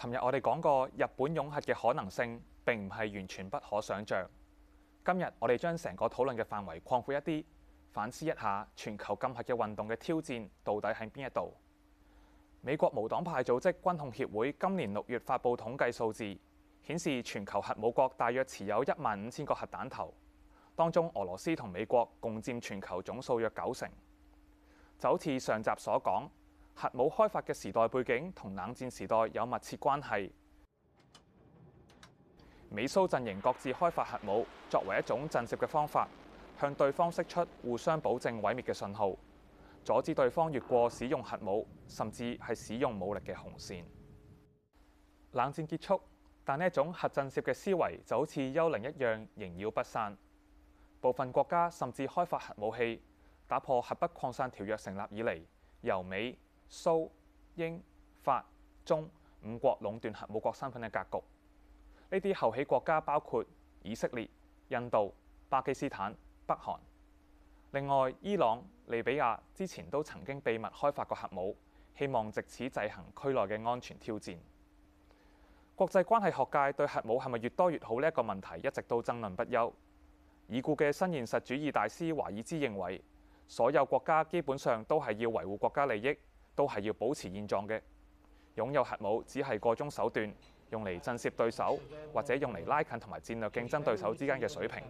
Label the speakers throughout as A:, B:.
A: 尋日我哋講過日本擁核嘅可能性並唔係完全不可想像。今日我哋將成個討論嘅範圍擴闊一啲，反思一下全球禁核嘅運動嘅挑戰到底喺邊一度。美國無黨派組織軍控協會今年六月發佈統計數字，顯示全球核武國大約持有一萬五千個核彈頭，當中俄羅斯同美國共佔全球總數約九成。就好似上集所講。核武開發嘅時代背景同冷戰時代有密切關係。美蘇陣營各自開發核武，作為一種震懾嘅方法，向對方釋出互相保證毀滅嘅信號，阻止對方越過使用核武甚至係使用武力嘅紅線。冷戰結束，但呢一種核震懾嘅思維就好似幽靈一樣，縈繞不散。部分國家甚至開發核武器，打破核不擴散條約成立以嚟，由美蘇、英、法、中五國壟斷核武國身份嘅格局，呢啲後起國家包括以色列、印度、巴基斯坦、北韓，另外伊朗、利比亞之前都曾經秘密開發過核武，希望藉此制衡區內嘅安全挑戰。國際關係學界對核武係咪越多越好呢一個問題一直都爭論不休。已故嘅新現實主義大師華爾茲認為，所有國家基本上都係要維護國家利益。都係要保持現狀嘅。擁有核武只係個中手段，用嚟震懾對手，或者用嚟拉近同埋戰略競爭對手之間嘅水平。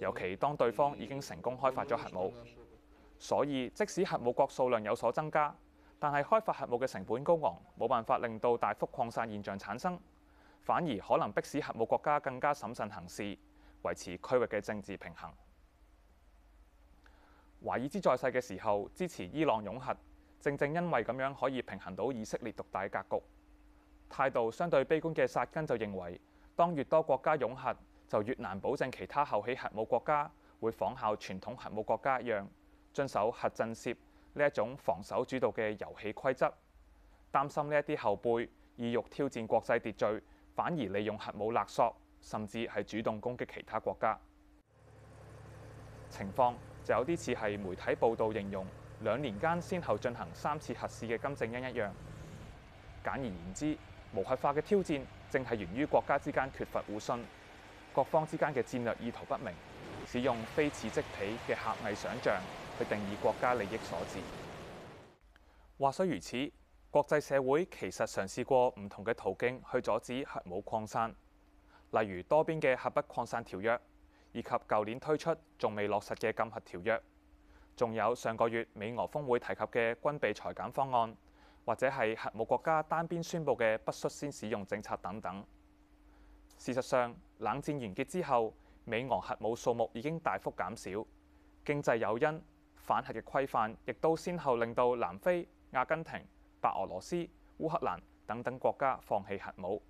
A: 尤其當對方已經成功開發咗核武，所以即使核武國數量有所增加，但係開發核武嘅成本高昂，冇辦法令到大幅擴散現象產生，反而可能迫使核武國家更加審慎行事，維持區域嘅政治平衡。華爾茲在世嘅時候支持伊朗擁核。正正因為咁樣可以平衡到以色列獨大格局，態度相對悲觀嘅薩根，就認為，當越多國家擁核，就越難保證其他後起核武國家會仿效傳統核武國家，一樣遵守核震懾呢一種防守主導嘅遊戲規則。擔心呢一啲後輩意欲挑戰國際秩序，反而利用核武勒索，甚至係主動攻擊其他國家。情況就有啲似係媒體報導形容，兩年間，先後進行三次核試嘅金正恩一樣。簡而言之，無核化嘅挑戰正係源於國家之間缺乏互信，各方之間嘅戰略意圖不明，使用非此即彼嘅狹隘想像去定義國家利益所致。話雖如此，國際社會其實嘗試過唔同嘅途徑去阻止核武擴散，例如多邊嘅核不擴散條約，以及舊年推出仲未落實嘅禁核條約。仲有上個月美俄峰會提及嘅軍備裁減方案，或者係核武國家單邊宣布嘅不率先使用政策等等。事實上，冷戰完結之後，美俄核武數目已經大幅減少，經濟誘因反核嘅規範，亦都先後令到南非、阿根廷、白俄羅斯、烏克蘭等等國家放棄核武。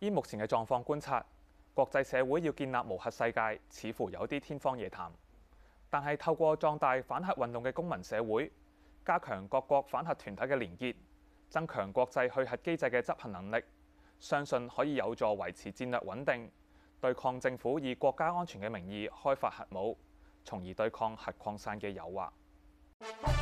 A: 依目前嘅狀況觀察，國際社會要建立無核世界，似乎有啲天方夜譚。但係透過壯大反核運動嘅公民社會，加強各國反核團體嘅連結，增強國際去核機制嘅執行能力，相信可以有助維持戰略穩定，對抗政府以國家安全嘅名義開發核武，從而對抗核擴散嘅誘惑。